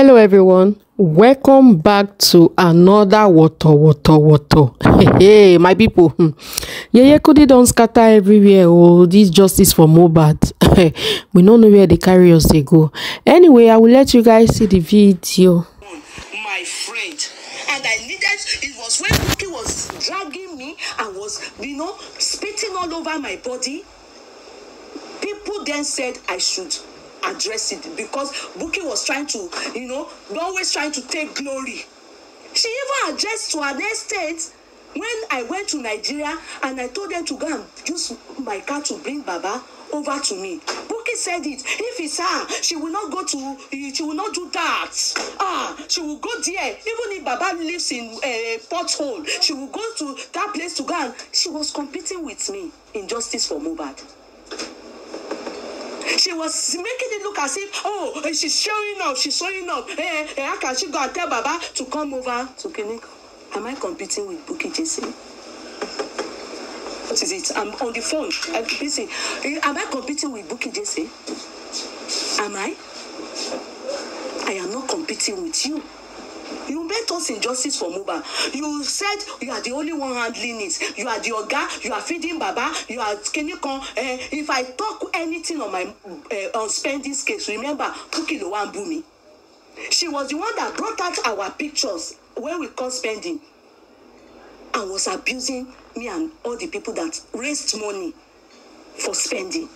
Hello everyone, welcome back to another water water water. Hey, hey my people, hmm. could it don scatter everywhere. Oh, this justice for Mohbad. we don't know where the carriers they go. Anyway, I will let you guys see the video. My friend, and I needed it was when he was dragging me and was you know spitting all over my body. People then said I should address it because Bukky was trying to, you know, always trying to take glory. She even addressed to an extent when I went to Nigeria and I told them to go and use my car to bring Baba over to me. Bukky said it. If it's her, she will not go to, she will not do that. Ah, she will go there. Even if Baba lives in a uh, eh, eh, pothole, she will go to that place to go and she was competing with me in justice for Mohbad she was making it look as if oh she's showing up she's showing up Hey, eh, eh, how can she go and tell baba to come over to clinic am i competing with Bukky Jease what is it i'm on the phone i'm eh, busy eh, am i competing with Bukky Jease am i i am not competing with you. You made us injustice for Muba. You said you are the only one handling it. You are the oga. You are feeding Baba. You are kinikan. Uh, eh, if I talk anything on my uh, on spending case, remember Buki ló wá ń She was the one that brought out our pictures when we caught spending and was abusing me and all the people that raised money for spending.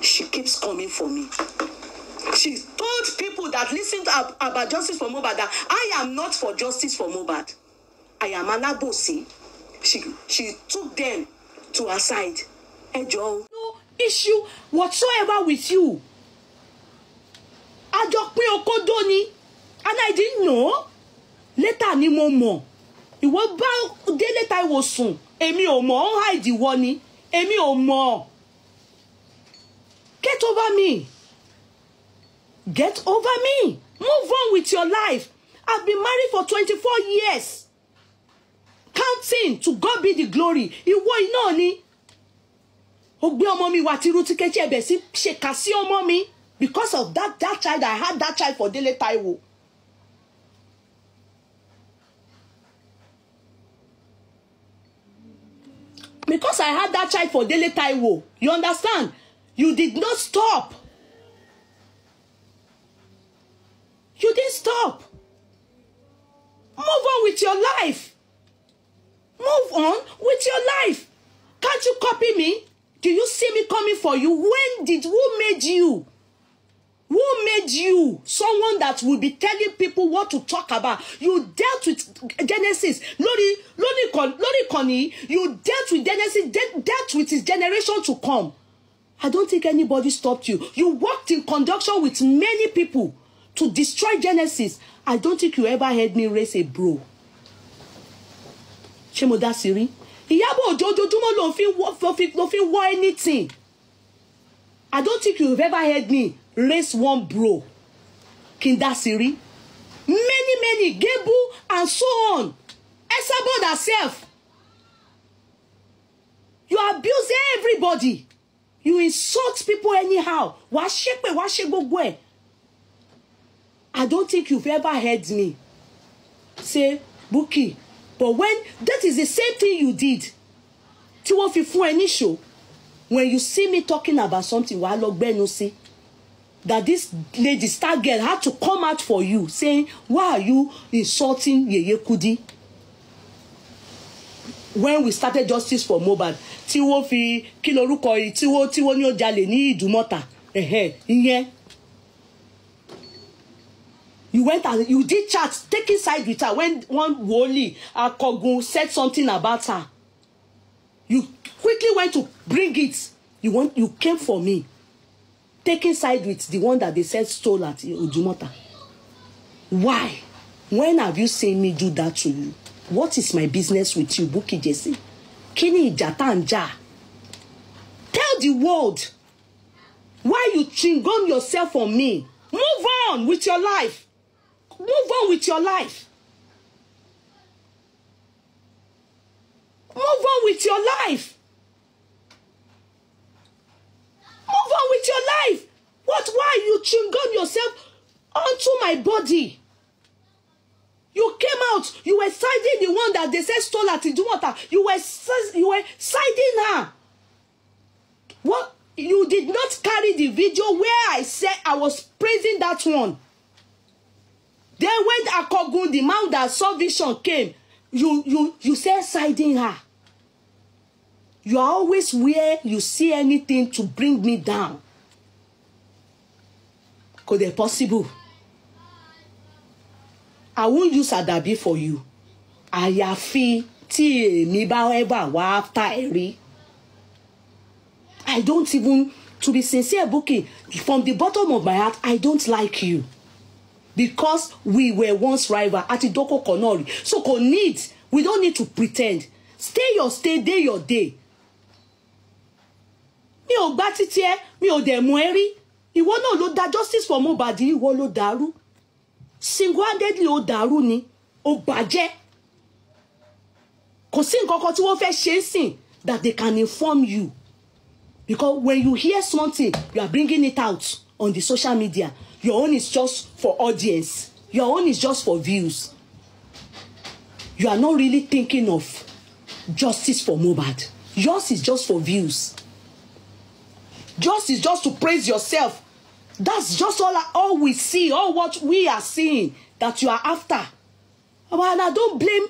She keeps coming for me she told people that listen to ab about justice for Mohbad that I am not for justice for Mohbad. I am Alabosi. She she took them to her side. Ẹjọ́. No issue whatsoever with you. A jọ pín okódó ni and I didn't know. Later ni mo mọ̀. Ìwọ bá dé later ìwòsàn. Èmi ò mọ̀ ọ́n hide ìwọ ni. Èmi ò mọ̀. Get over me. Get over me. Move on with your life. I've been married for twenty-four years. Counting to God be the glory. Ìwọ iná ni. Ó gbé ọmọ mi wá tirú tí kẹ́tí ẹ̀bẹ̀ sí ṣèkà sí ọmọ mi. Because of that, that child, I had that child for Dele Taiwo. Because I had that child for Dele Taiwo. You understand? You did not stop. You didn't stop. Move on with your life. Move on with your life. Can't you copy me? Do you see me coming for you? When did who made you? Who made you someone that will be telling people what to talk about? You dealt with Genesis. Lori, Lori, Lori Connie, you dealt with Genesis, de dealt with his generation to come. I don't think anybody stopped you. You worked in conjunction with many people to destroy Genesis I don't think you ever heard me raise a bro ṣé mo dá sí rí Ìyábọ̀ Òjó ojoojúmọ́ ló fi ló fi wọ́ anything I don't think you ever heard me raise one bro kí n dá sí rí many many Gable and so on Esabod herself you abuse everybody you insult people anyhow wàá ṣépè wàá ṣe gbogbo ẹ̀. I don't think you've ever heard me say Buki. but when that is the same thing you did tí wọ́n fi show when you see me talking about something while lọ gbẹ́nu that this lady star girl had to come out for you saying why are you insulting Yeye Kudi when we started justice for Mohbad Tiwofi kiloruko, fi kí lorúkọ yìí tí wọ́n tí wọ́n you went and you did chat taking side with her when one woli akogun said something about her you quickly went to bring it you want you came for me taking side with the one that they said stole at Ojumota why when have you seen me do that to you what is my business with you Buki Jesse kí ni and tá tell the world why you chingom yourself on me move on with your life move on with your life move on with your life move on with your life what why you chingon yourself onto my body you came out you were siding the one that they said stole at Idumota you were you were siding her what you did not carry the video where I said I was praising that one Then when Akogun, the man that saw vision, came, you you you said siding her. You are always where you see anything to bring me down. Could it possible? I won't use Adabi for you. Àyàfi ti mi ba ever wa after ẹ rí. I don't even, to be sincere, Buki, from the bottom of my heart, I don't like you because we were once rival àti dókòkò náà so kò need we don't need to pretend stay your stay day your day mi ò gbá títí ẹ mi ò dẹ̀ mú ẹ rí ìwọ náà da justice for Mohbad ìwọ ló dàrú single-handedly ó dàrú ni ó bàjẹ́ kò sí nǹkan kan tí wọ́n fẹ́ ṣe that they can inform you because when you hear something you are bringing it out on the social media your own is just for audience your own is just for views you are not really thinking of justice for Mohbad yours is just for views yours is just to praise yourself that's just all all we see all what we are seeing that you are after and I don't blame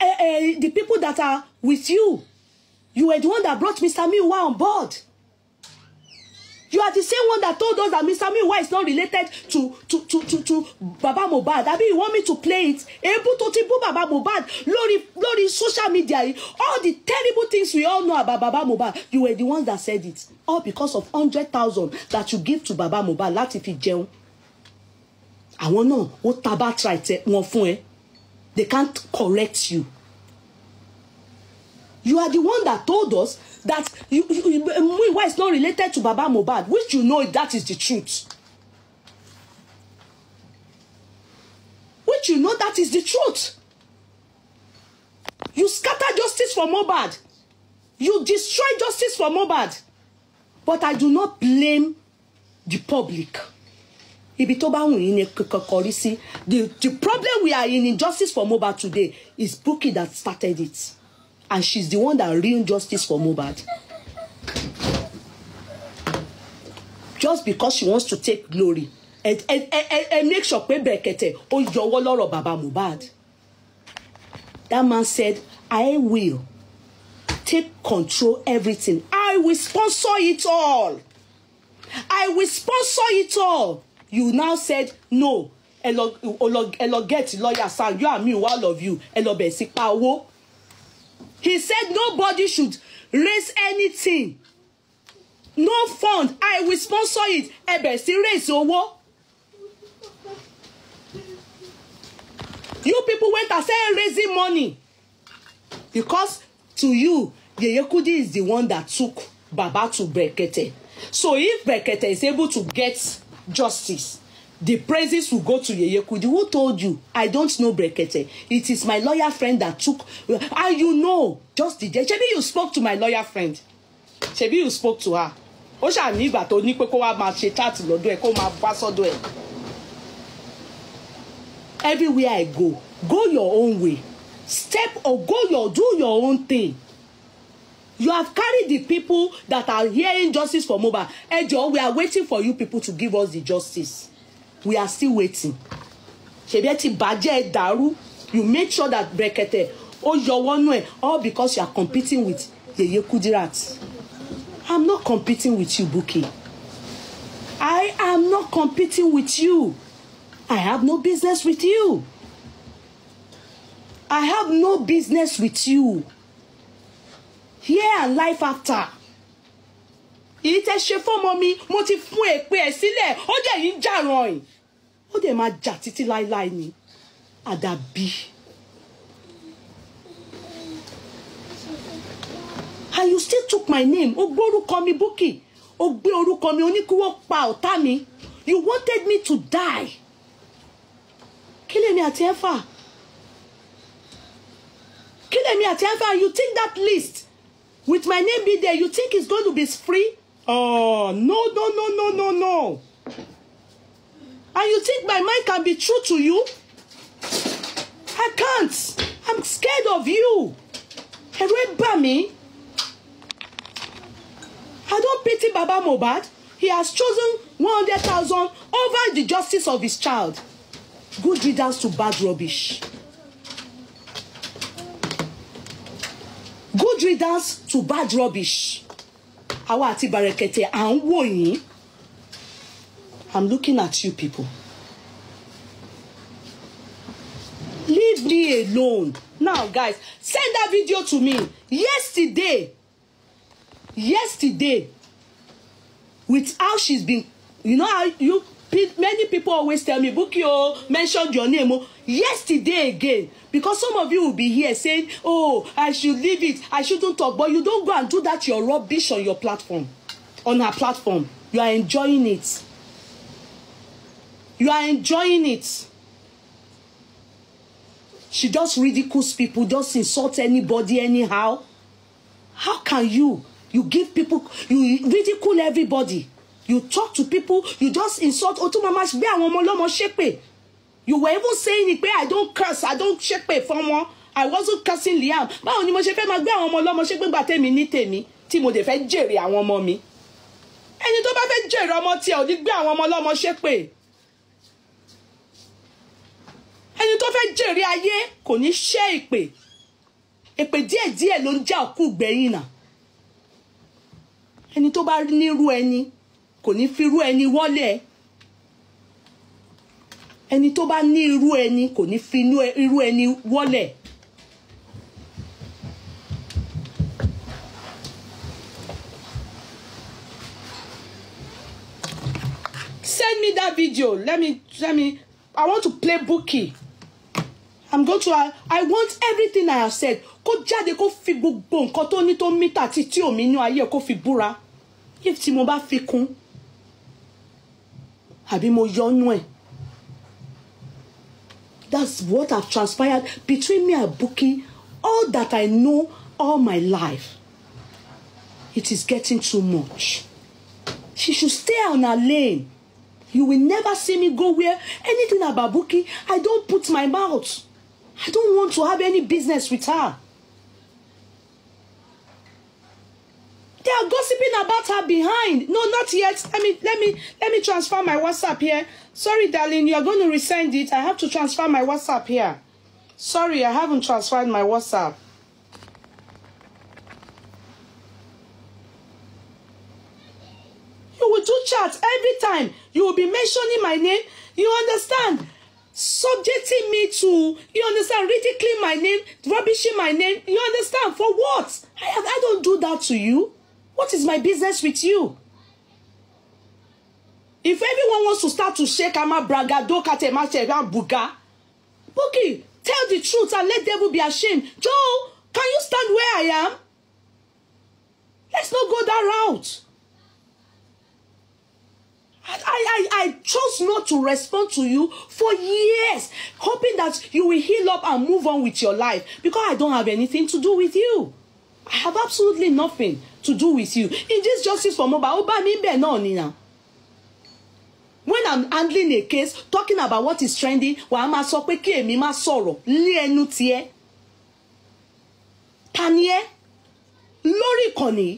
uh, uh, the people that are with you you were the one that brought Mr. Miwa on board You are the same one that told us that Mr. Miwa is not related to to to to, to Baba I mean, you want me to play it? Ebu tó ti bú Baba Mohbad lórí lórí social media All the terrible things we all know about Baba Mohbad, you were the ones that said it. All because of hundred thousand that you give to Baba Mohbad if fi jail, I náà ó tabá tra ìtẹ̀ wọn fún ẹ. They can't correct you you are the one that told us that you, you, Muiwa is not related to Baba Mohbad which you know that is the truth which you know that is the truth you scatter justice for Mohbad you destroy justice for Mohbad but I do not blame the public ibi tó bá wù yín ni kankan the the problem we are in in justice for Mohbad today is Brookie that started it and she's the one that ruined justice for Mohbad. Just because she wants to take glory and and and, and make sure pé bẹ̀kẹ̀tẹ̀ ó your lọ́rọ̀ bàbá Mohbad. That man said, I will take control everything. I will sponsor it all. I will sponsor it all. You now said no. Ẹ lọ ẹ get lawyer Sam, you and me, all of you. Ẹ basic power. He said nobody should raise anything. No fund. I will sponsor it. Ẹ bẹ̀rẹ̀ sí raise owó. You people went and started raising money. Because to you, Yeye Kudi is the one that took Baba to Brekete. So if Brekete is able to get justice, the praises will go to Yeye Who told you? I don't know Brekete. It is my lawyer friend that took. And ah, you know, just the day. Ṣebí you spoke to my lawyer friend. Ṣebí you spoke to her. Ó ṣà ní ìgbà tó ní pé kó wá máa ṣe chat lọ́dọ̀ ẹ̀ kó máa bá sọ́dọ̀ ẹ̀. Everywhere I go, go your own way. Step or go your do your own thing. You have carried the people that are hearing justice for Mohbad. Ejo, we are waiting for you people to give us the justice we are still waiting ṣebí ẹ ti bàjẹ́ ẹ dàrú you make sure that brekete ó yọ wọnú ẹ all because you are competing with Yeye Kudirat i'm not competing with you Bukky i am not competing with you i have no business with you i have no business with you here and life after èyí tẹ́ ṣe fọ́mọ mi mo ti fún èpè ẹ̀ sílẹ̀ ó dẹ̀ yìí ń jà ràn ó dẹ̀ máa jà títí láéláé ni àdàbí. and you still took my name o gbé orúkọ mi Bukky o gbé orúkọ mi oníkúwọ́ pa ọ̀tá mi you wanted me to die kí lèmi àti ẹ̀fà kí lèmi àti ẹ̀fà you think that list with my name be there you think it's going to be free Oh, no, no, no, no, no, no. And you think my mind can be true to you? I can't. I'm scared of you. Ẹ̀rù ẹ̀ I don't pity Baba Mobad. He has chosen 100,000 over the justice of his child. Good riddance to bad rubbish. Good riddance to bad rubbish àwa àti bàrẹ̀kẹ̀tẹ̀ à ń wò yín i'm looking at you people leave me alone now guys send that video to me yesterday yesterday with how she's been you know how you many people always tell me Bukky o mention your name yesterday again because some of you will be here saying oh I should leave it I shouldn't talk but you don't go and do that your rubbish on your platform on her platform you are enjoying it you are enjoying it she just ridicules people just insult anybody anyhow how can you you give people you ridicule everybody you talk to people you just insult Otu otumama gbé àwọn ọmọ ọlọ́mọ ṣépè you were even saying it. pé i don't curse i don't ṣépè fún wọn i wasn't cursing liam báwo ni mo ṣe fẹ́ máa gbé àwọn ọmọ ọlọ́mọ ṣépè gbà tèmi ní tèmi tí mo dẹ̀ fẹ́ jèrè àwọn ọmọ mi ẹni tó bá fẹ́ jèrè ọmọ tiẹ̀ ò ní gbé àwọn ọmọ ọlọ́mọ ṣépè ẹni tó fẹ́ jèrè ayé kò ní ṣe ìpè èpè díẹ̀díẹ̀ ló ń já òkú gbẹ̀yìn náà ẹni tó bá nírú ẹni kò ní firú ẹni wọlé ẹni tó bá ní irú ẹni kò ní fi irú ẹni wọlé. send me that video let me let me i want to play bookie i'm going to i, I want everything i have said kó jáde kó fi gbogbo nǹkan tó ní tó mítà tí tí òmínú ayé kó fi búra if tí mo bá fi kún àbí mo yọnu ẹ̀ that's what have transpired between me and Bukky all that I know all my life it is getting too much she should stay on her lane you will never see me go where anything about Bukky I don't put my mouth I don't want to have any business with her. They are gossiping about her behind. No, not yet. Let me let me let me transfer my WhatsApp here. Sorry, darling, you are going to resend it. I have to transfer my WhatsApp here. Sorry, I haven't transferred my WhatsApp. You will do chat every time. You will be mentioning my name. You understand? Subjecting me to, you understand, ridiculing my name, rubbishing my name. You understand? For what? I, I don't do that to you. What is my business with you? If everyone wants to start to shake ama bragado katemache and buga, Bookie, tell the truth and let devil be ashamed. Joe, can you stand where I am? Let's not go that route. I, I, I chose not to respond to you for years, hoping that you will heal up and move on with your life because I don't have anything to do with you. I have absolutely nothing to do with you. In this justice for Mohbad, Oba, bá mi bẹ̀ náà nìyà. When I'm handling a case, talking about what is trending, wàá máa sọ pé kí èmi máa sọ̀rọ̀ lé ẹnu tiẹ̀. e, ni ẹ́? Lórí ìkànnì.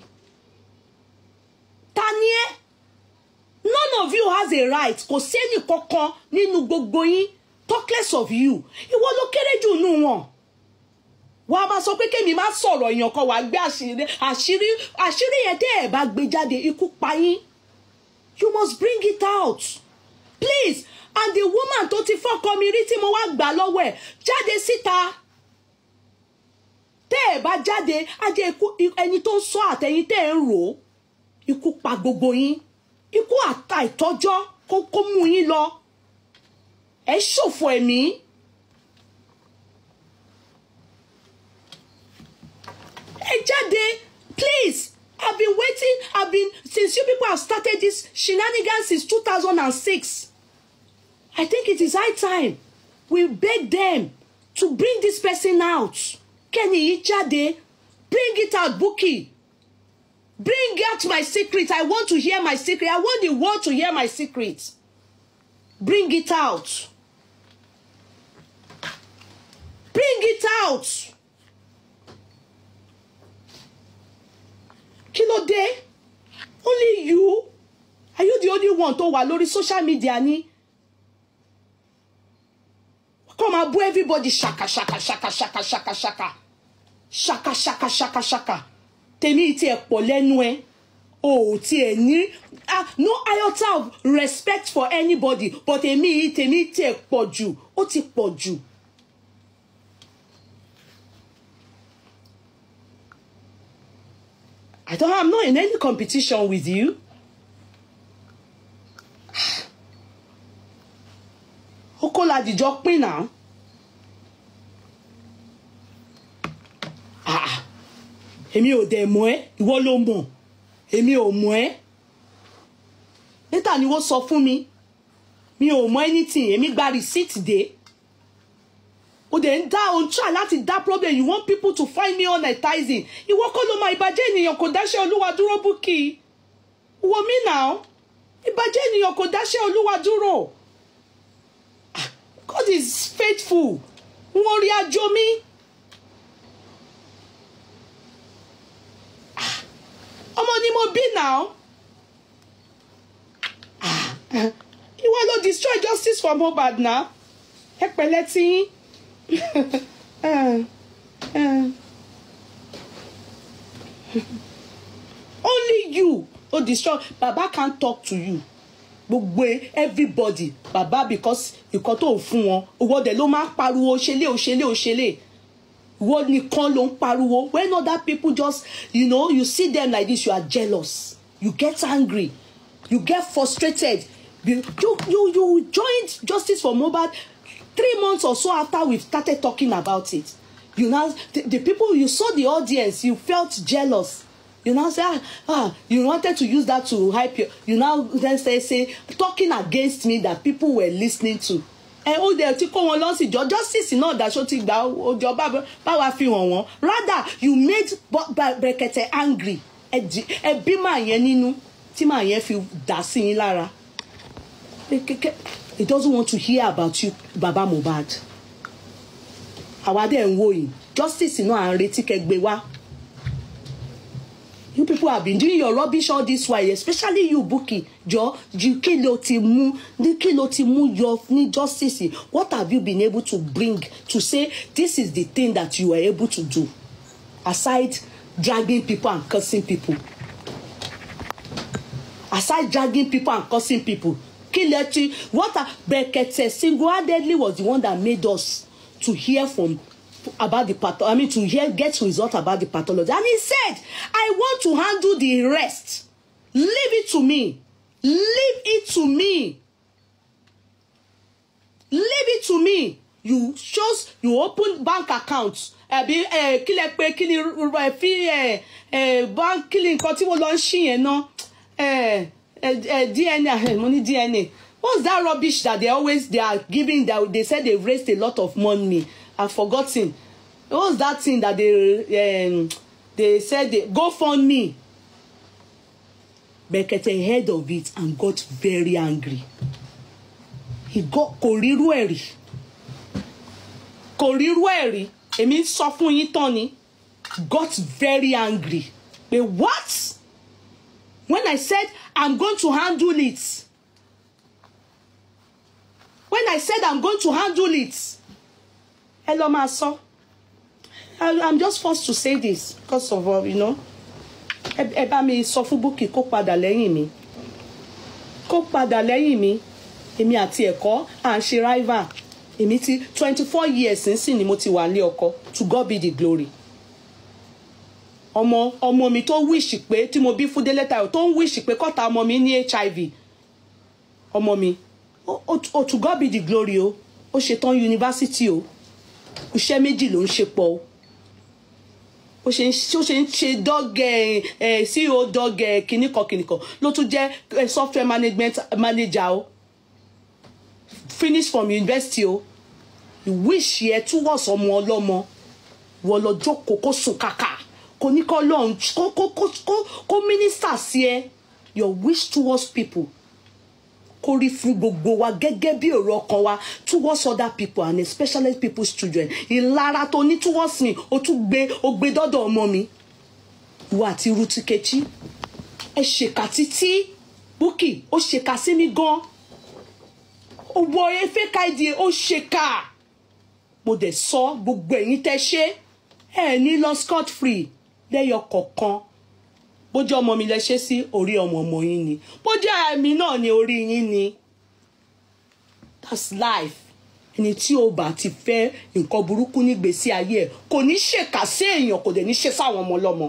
None of you has a right. Kò ni ẹnì ni nínú gbogbo yín. Talk less of you. Ìwọ ló kéré jù nù wọn wọ́n á máa sọ pé kémi má sọ̀rọ̀ èèyàn kan wàá gbé àṣírí àṣírí àṣírí yẹn tẹ́ ẹ̀ bá gbé jáde ikú pa yín you must bring it out please and the woman tó ti fọ́kọ mi rí tí mo wá gbà lọ́wọ́ ẹ̀ jáde síta tẹ́ ẹ̀ bá jáde ajé ẹni tó ń sọ àtẹ̀yìn tẹ́ ẹ̀ ń rò ó ikú pa gbogbo yín ikú àtàìtọ́jọ́ kó kó mú yín lọ ẹ ṣòfò ẹ̀mí. E ẹ please I've been waiting I've been since you people have started this shenanigans since two thousand and six I think it is high time we beg them to bring this person out Kenny, Ijade, bring it out Bukky bring out my secret I want to hear my secret I want the world to hear my secret bring it out bring it out. kí ló dé only you are you the only one tó wà lórí social media ni kọ́ máa bú everybody ṣaka ṣaka ṣaka ṣaka ṣaka ṣaka ṣaka ṣaka ṣaka ṣaka tèmi tí ẹ pọ̀ lẹ́nu ẹ o ò tí ẹ ní no iota of respect for anybody but èmi tèmi tí ẹ pọ̀ jù ó ti pọ̀ jù. I don't. I'm not in any competition with you. Oko la dìjọ pín náà. Èmi ò dẹ̀ mọ̀ ẹ́, ìwọ ló mọ̀. Èmi ò mọ̀ ẹ́. Níta ni wọ́n sọ fún mi. Mi ò mọ̀ anything, èmi gba receipt dé o dẹ̀ ń dá o try láti dá problem you want people to find me unitizing ìwọ kọ́ ló máa ìbàjẹ́ ènìyàn kò dáṣẹ́ olúwa dúró búkì wo mí náà ìbàjẹ́ ènìyàn kò dáṣẹ́ olúwa dúró ah, God is faithful wọ́n rí ajo mi. Ah, ọmọ ni mo bí náà ah, ìwọ ló destroy justice for Mohbad náà ẹ pẹ̀lẹ́ tí yín. only you o destroy baba can't talk to you gbogbo e, everybody baba because nǹkan tó fún wọn owó dẹ ló máa ń pariwo òṣèlè òṣèlè òṣèlè ìwọ nìkan ló ń pariwo when other people just you know you see them like this you are jealous you get angry you get frustrated you you you joined justice for mobile three months or so after we started talking about it you know, the, the people you saw the audience you felt jealous you know, say ah ah you wanted to use that to hype you you now then say say talking against me that people were listening to ẹ eh, ó dẹ̀ ti kó wọn lọ sí ìjọ justice náà daṣọ ti gba ọjọ́ báwa fi hàn wọ́n rather you made Brekete angry ẹ bí màá yẹn nínú tí màá yẹn fi dà sí yín lára he doesn't want to hear about you baba Mohbad àwa dẹ̀ ń wò justice náà à ń retí kẹgbẹ́ wá you people have been doing your rubbish all this while especially you Buki, jọ you kí ló ti mú ní kí ló ti mú yọ ní justice what have you been able to bring to say this is the thing that you were able to do aside dragging people and cursing people aside dragging people and cursing people kílẹ̀ tí what a Brekete single-handedly was the one that made us to hear from about the patho I mean to hear get result about the pathology and he said I want to handle the rest leave it to me leave it to me leave it to me you just you open bank account àbí eh, kí lẹ pé kí ni eh, fi eh, báńkì nǹkan tí mo lọ ń ṣí yẹn náà Eh, eh, DNA eh, money, DNA what's that rubbish that they always they are giving that they said they've raised a lot of money I've forgotten what's that thing that they um, they said they me? Bekete heard of it and got very angry he got kò rírú ẹ̀ rí kò Tony got very angry But what when I said I'm going to handle it. When I said I'm going to handle it. Hello, Maso. I'm just forced to say this because of, uh, you know, ẹ mi sọ fún Bukky kó padà lẹ́yìn mi. Kó padà lẹ́yìn mi. Èmi àti ẹ̀kọ́ à ń rival. Èmi ti twenty years since ni mo ti wà ní ọkọ. To God be the glory ọmọ ọmọ mi tó wíṣì pé tí mo bí fún Délé Táyọ̀ tó ń wíṣì pé kọ́ta ọmọ mi ní HIV ọmọ mi o to God be the glory o O ó ṣetán yunifásitì o iṣẹ́ méjì ló ń ṣe pọ̀ o ó ṣe ń ṣe dọ́gẹ̀ ẹ̀ CEO dọ́gẹ̀ kìnnìkan kìnnìkan ló tún jẹ́ software management manager o finish from university o ìwé ìṣe ẹ túwọ̀sán ọmọ ọlọ́mọ wọ́n lọ jókòó kó sùn kàkà kò ní kọ́ lọ́n kó kó kó kó kó mínísítà sí ẹ your wish towards people kó rí fún gbogbo wa gẹ́gẹ́ bí ọ̀rọ̀ ọkàn wa towards other people and especially people's children ìlara tó ní towards me o tún gbé o gbé dọ́dọ̀ ọmọ mi ìwà àti irú ti kẹ́chí ẹ ṣèkà títí Bukky ó ṣèkà sí mi gan ó wọ eféka ìdí ó ṣèkà mo dẹ̀ sọ gbogbo ẹ̀yin tẹ́ ṣe ẹ ní lọ scot free lẹ́yọ kọ̀ọ̀kan bó ọmọ mi lẹ ṣe sí orí ọmọ ọmọ yín ni bó jẹ́ náà ni orí yín ni that's life ẹni tí o bá ti fẹ́ nǹkan burúkú nígbèésí ayé ẹ̀ kò ní ṣèkà sí èèyàn kò dẹ̀ ní ṣe sáwọn ọmọ ọlọ́mọ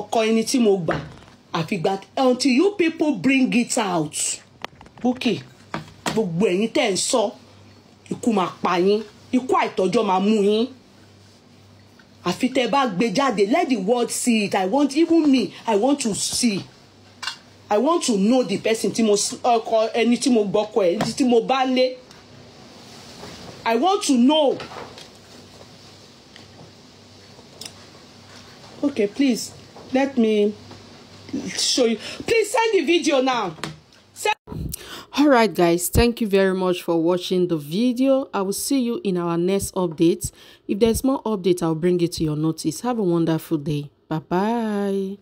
ọkọ ẹni tí mo gbà àfìgbà until you people bring it out Bukky gbogbo ẹ̀yin tẹ́ ń sọ ikú máa pa yín ikú àìtọ́jọ́ máa mú yín àfi tẹ́ bá gbé jáde let the world see it i want even me i want to see i want to know the person tí mo ọkọ ẹni tí mo gbọ́kọ ẹ tí mo bá lé i want to know okay please let me show you please send the video now. alright guys thank you very much for watching the video i will see you in our next update if there's more update i'll bring it to your notice have a wonderful day bye bye